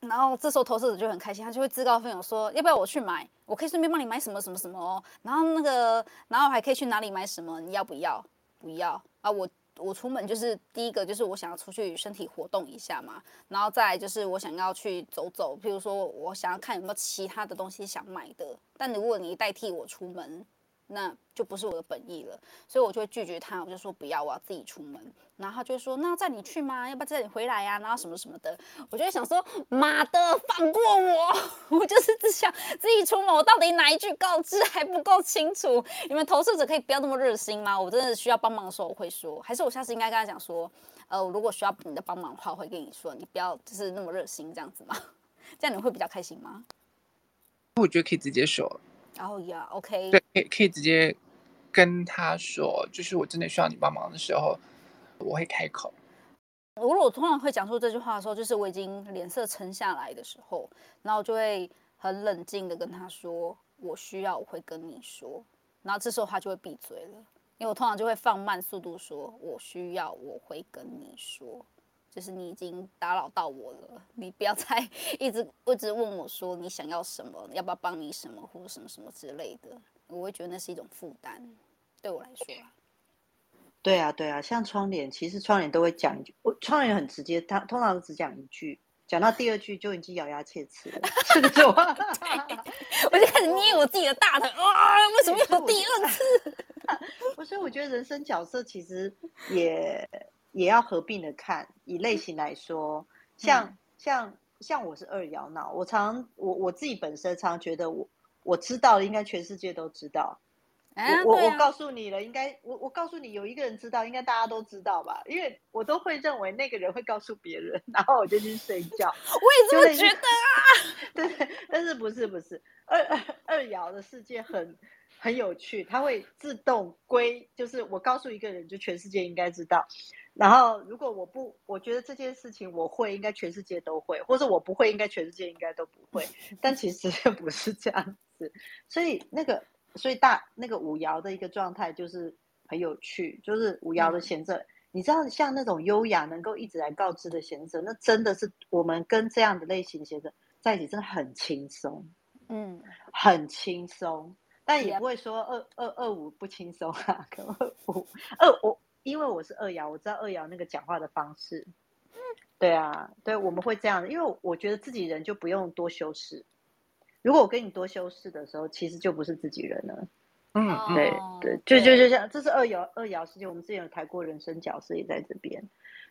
然後這時候投射者就很開心，他就會自告奮勇說：“要不要我去買？我可以順便幫你買什麼什麼什麼哦。然後那個，然後還可以去哪裡買什麼？你要不要？不要啊！我我出門就是第一個就是我想要出去身體活動一下嘛，然後再來就是我想要去走走，譬如說我想要看有沒有其他的東西想買的。但如果你代替我出門，那就不是我的本意了，所以我就會拒絕他，我就說不要，我要自己出門。然後他就說，那要載你去嗎？要不要載你回來呀、啊？然後什麼什麼的，我就會想說，媽的，放過我！ 我就是只想自己出門。我到底哪一句告知還不夠清楚？你們投射者可以不要那麼熱心嗎？我真的需要幫忙的時候，我會說，還是我下次應該跟他講說，呃，如果需要你的幫忙的話，我會跟你說，你不要就是那麼熱心這樣子嗎？這樣你會比較開心嗎？我覺得可以直接說。然後呀，OK，對，可以，可以直接跟他說，就是我真的需要你幫忙的時候，我會開口。如果我通常會講出這句話的時候，就是我已經臉色沉下來的時候，然後我就會很冷靜的跟他說，我需要，我會跟你說。然後這時候他就會閉嘴了，因為我通常就會放慢速度說，我需要，我會跟你說。就是你已經打擾到我了，你不要再一直一直問我說你想要什麼，要不要幫你什麼或什麼什麼之類的，我會覺得那是一種負擔，對我來說。Okay. 對啊，對啊，像窗簾，其實窗簾都會講一句，窗簾很直接，他通常只講一句，講到第二句就已經咬牙切齒了， 是不是？ 我就開始捏我自己的大腿，哇，哇也 為什麼有第二次？我所以我覺得人生角色其實也。 也要合併的看，以類型來說，像、嗯、像像我是二爻那，我常我我自己本身常覺得我我知道了，應該全世界都知道。啊、我我、啊、我告訴你了，應該我我告訴你有一個人知道，應該大家都知道吧？因為我都會認為那個人會告訴別人，然後我就去睡覺。 我也這麼覺得啊。但、就是、 但是不是不是二二二爻的世界很很有趣，它會自動歸，就是我告訴一個人，就全世界應該知道。然後，如果我不，我覺得這件事情我會，應該全世界都會，或者我不會，應該全世界應該都不會。但其實不是這樣子，所以那個，所以大那個五爻的一個狀態就是很有趣，就是五爻的賢者，嗯、你知道像那種優雅能夠一直來告知的賢者，那真的是我們跟這樣的類型的賢者在一起真的很輕鬆，嗯，很輕鬆，但也不會說二二二五不輕鬆啊，可能二五二五。因為我是二爻，我知道二爻那個講話的方式。嗯、對啊，對，我們會這樣，因為我覺得自己人就不用多修飾。如果我跟你多修飾的時候，其實就不是自己人了。嗯，對對，就就就像、嗯、這是二爻對二爻事件，我們之前有談過人生角色也在這邊，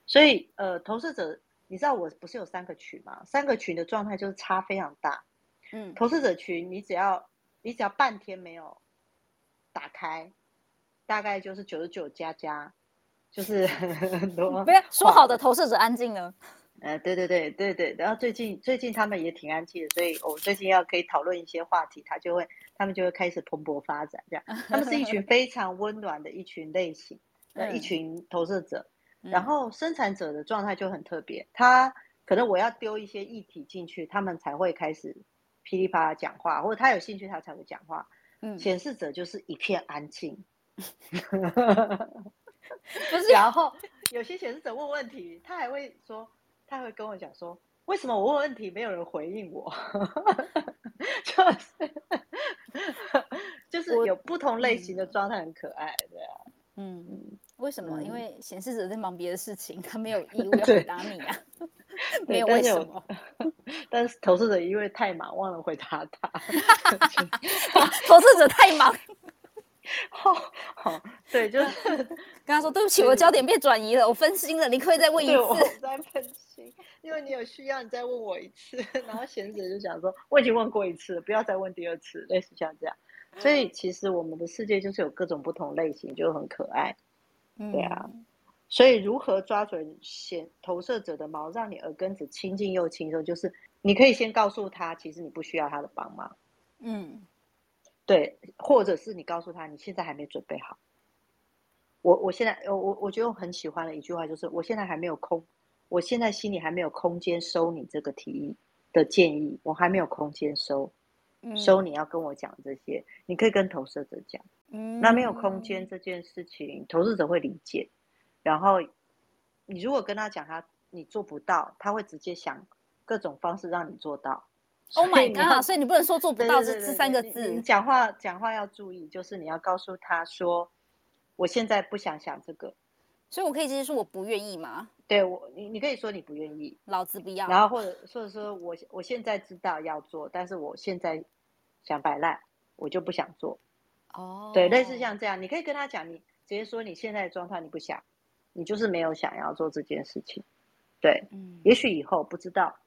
所以呃，投射者，你知道我不是有三個群嘛？三個群的狀態就是差非常大。嗯，投射者群，你只要你只要半天沒有打開，大概就是九十九加加。就是很多，不要說好的投射者安靜呢？嗯。對對對對對。然後最近最近他們也挺安靜的，所以我，哦，最近要可以討論一些話題，他就會他們就會開始蓬勃發展。這樣，他們是一群非常溫暖的一群類型， 一群投射者。對然後生產者的狀態就很特別，嗯，他可能我要丟一些議題進去，他們才會開始噼里啪啦講話，或者他有興趣他才會講話。嗯，顯示者就是一片安靜。 然後 有些顯示者問問題，他還會說，他還會跟我講說，為什麼我問問題沒有人回應我？ 就是就是有不同類型的狀態很可愛，對啊，嗯，嗯，為什麼？嗯、因為顯示者在忙別的事情，他沒有義務要回答你啊，對 沒有為什麼？但是， 但是投射者因為太忙忘了回答他， 投射者太忙。 好，好，哦哦，對，就是 跟他說，對不起，我焦點被轉移了，對我分心了。你可以再問一次，我在分心，因為你有需要，你再問我一次。 然後閒者就想說，我已經問過一次，不要再問第二次，類似像這樣。所以其實我們的世界就是有各種不同類型，就很可愛。嗯、對啊，所以如何抓準投射者的毛，讓你耳根子清靜又輕鬆，就是你可以先告訴他，其實你不需要他的幫忙。嗯。對，或者是你告訴他你現在還沒準備好。我我現在我我我覺得我很喜歡的一句話就是我現在還沒有空，我現在心裡還沒有空間收你這個提議的建議，我還沒有空間收收你要跟我講這些。嗯、你可以跟投射者講，嗯、那沒有空間這件事情，投射者會理解。然後你如果跟他講他你做不到，他會直接想各種方式讓你做到。Oh my god，所以你不能說做不到這這三個字。你講話講話要注意，就是你要告訴他說，我現在不想想這個，所以我可以直接說我不願意嘛？對我，你你可以說你不願意，老子不要。然後或者或者說，說我，我我現在知道要做，但是我現在想擺爛，我就不想做。哦，oh. 對，類似像這樣，你可以跟他講，你直接說你現在的狀態，你不想，你就是沒有想要做這件事情。對，嗯，也許以後不知道。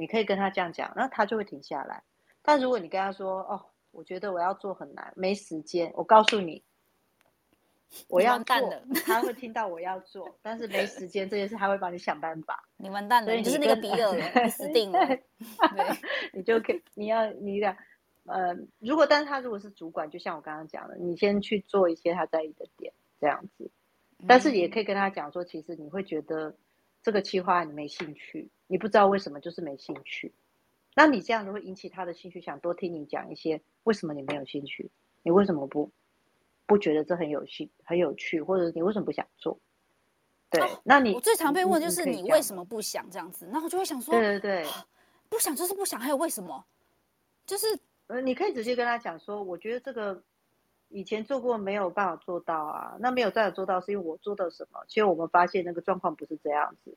你可以跟他這樣講，那他就會停下來。但如果你跟他說：“哦，我覺得我要做很難，沒時間。”我告訴你，我要做了，他會聽到我要做，但是沒時間 這件事，他會幫你想辦法。你完蛋了，你就，你就是那個比爾。 你死定了。 對你就可以，你要，你倆，呃，如果但是他如果是主管，就像我剛剛講的，你先去做一些他在意的點，這樣子。但是也可以跟他講說，其實你會覺得。這個企劃，你沒興趣，你不知道為什麼就是沒興趣，那你這樣子會引起他的興趣，想多聽你講一些。為什麼你沒有興趣？你為什麼不？不覺得這很有趣，很有趣，或者是你為什麼不想做？對，啊、那你我最常被問就是你為，你，你為什麼不想這樣子？那我就會想說，對對對、啊，不想就是不想，還有為什麼？就是呃，你可以直接跟他講說，我覺得這個。以前做過沒有辦法做到啊，那沒有辦法做到是因為我做到什麼？其實我們發現那個狀況不是這樣子，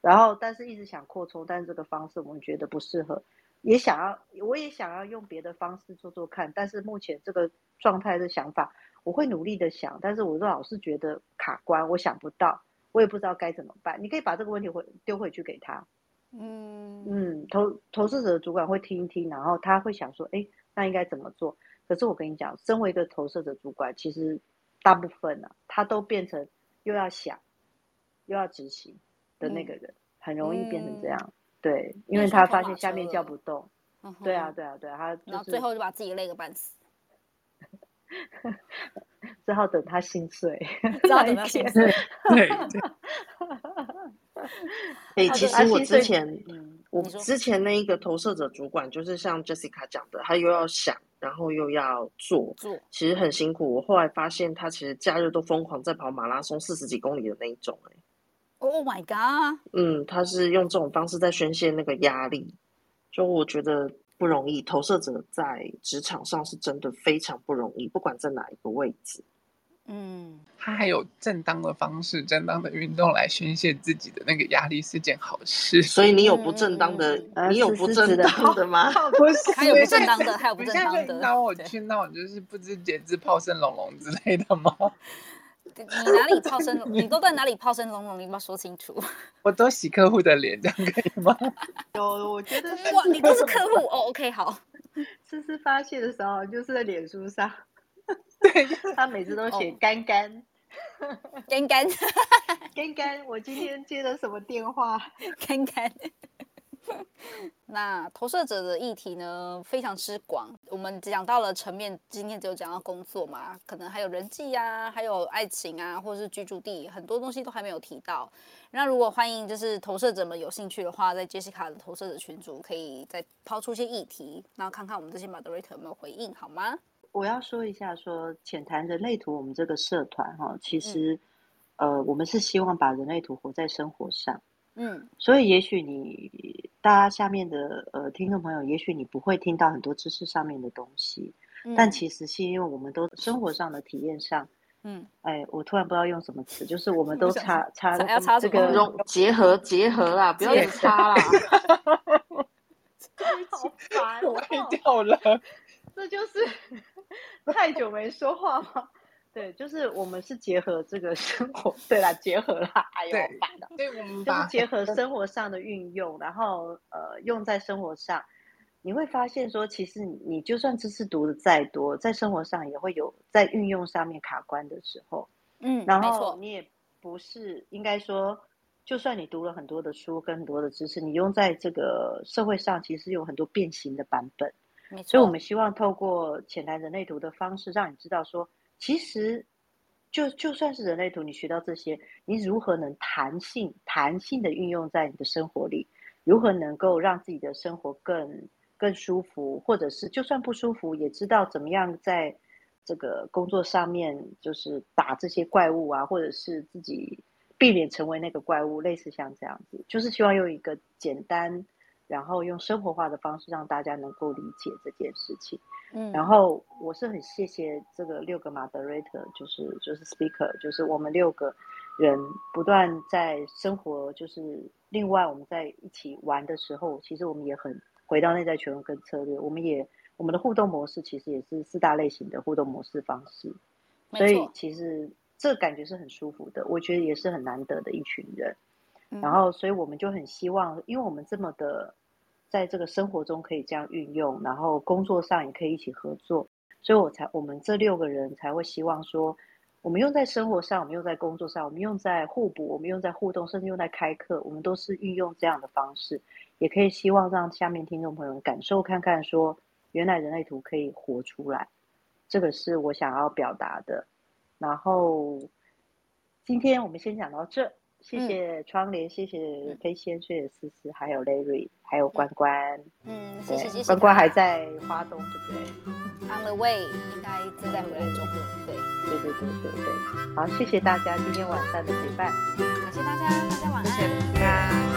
然後但是一直想擴充，但是這個方式我們覺得不適合，也想要我也想要用別的方式做做看，但是目前這個狀態的想法，我會努力的想，但是我都老是覺得卡關，我想不到，我也不知道該怎麼辦。你可以把這個問題回丟回去給他，嗯嗯，投投射者的主管會聽一聽，然後他會想說，欸，那應該怎麼做？可是我跟你講，身為一個投射者主管，其實大部分呢、啊，他都變成又要想又要執行的那個人，嗯、很容易變成這樣。嗯、對，因為他發現下面叫不動。嗯、對啊，對啊，對啊，他、就是、然後最後就把自己累個半死，只好 等他心碎，只好 等他心碎。 對，其實我之前、嗯、我之前那一個投射者主管，就是像 Jessica 講的，他又要想。然後又要做，做其實很辛苦。我後來發現他其實假日都瘋狂在跑馬拉松，四十幾公里的那一種、欸。哎，Oh my god！嗯，他是用這種方式在宣泄那個壓力。就我覺得不容易，投射者在職場上是真的非常不容易，不管在哪一個位置。嗯，他還有正當的方式、正當的運動來宣洩自己的那個壓力是件好事。所以你有不正當的，你有不正當的嗎？不是，還有不正當的，還有不正當的。那我去，那我就是不知節制，炮聲隆隆之類的嗎？你哪裡炮聲隆？你都在哪裡炮聲隆隆？你不要說清楚。我都洗客戶的臉，這樣可以嗎？有，我覺得哇，你都是客戶哦。OK，好，思思發洩的時候就是在臉書上。對，就是、他每次都寫幹幹，oh, 幹幹， 幹幹。我今天接了什麼電話？ 幹幹。 那投射者的議題呢？非常之廣。我們講到了層面，今天只有講到工作嘛，可能還有人際啊，還有愛情啊，或者是居住地，很多東西都還沒有提到。那如果歡迎就是投射者們有興趣的話，在 Jessica 的投射者群組可以再拋出些議題，然後看看我們這些 moderator 有沒有回應，好嗎？我要說一下，說淺談人類圖，我們這個社團哈，其實，呃，嗯、我們是希望把人類圖活在生活上，嗯，所以也許你大家下面的呃聽眾朋友，也許你不會聽到很多知識上面的東西，但其實是因為我們都生活上的體驗上，嗯，哎，我突然不知道用什麼詞，就是我們都差差，這個結合結合啦，不要插啦，好煩喔、歪掉了， 這就是。 太久沒說話嗎？對，就是我們是結合這個生活，對啦，結合啦還有把我們就是結合生活上的運用，然後呃，用在生活上，你會發現說，其實你就算知識讀的再多，在生活上也會有在運用上面卡關的時候，嗯，然後你也不是錯應該說，就算你讀了很多的書，跟很多的知識，你用在這個社會上，其實有很多變形的版本。所以，我們希望透過淺談人類圖的方式，讓你知道說，其實就就算是人類圖，你學到這些，你如何能彈性、彈性地運用在你的生活裡？如何能夠讓自己的生活更更舒服，或者是就算不舒服，也知道怎麼樣在這個工作上面，就是打這些怪物啊，或者是自己避免成為那個怪物，類似像這樣子，就是希望用一個簡單。然後用生活化的方式讓大家能夠理解這件事情，嗯，然後我是很謝謝這個六個 moderator，就是就是 speaker，就是我們六個人不斷在生活，就是另外我們在一起玩的時候，其實我們也很回到內在權威跟策略，我們也我們的互動模式其實也是四大類型的互動模式方式，沒錯，所以其實這感覺是很舒服的，我覺得也是很難得的一群人，嗯、然後所以我們就很希望，因為我們這麼的。在這個生活中可以這樣運用，然後工作上也可以一起合作，所以我才我們這六個人才會希望說，我們用在生活上，我們用在工作上，我們用在互補，我們用在互動，甚至用在開課，我們都是運用這樣的方式，也可以希望讓下面聽眾朋友們感受看看說，原來人類圖可以活出來，這個是我想要表達的。然後，今天我們先講到這。謝謝窗簾，謝謝飛仙，嗯，謝謝思思，還有 Larry，還有關關。嗯，謝謝謝謝。關關還在花東，對不對？On the way，應該正在回來中國，對對,對對對對對。好，謝謝大家今天晚上的陪伴。感謝,謝大家，大家晚安。謝謝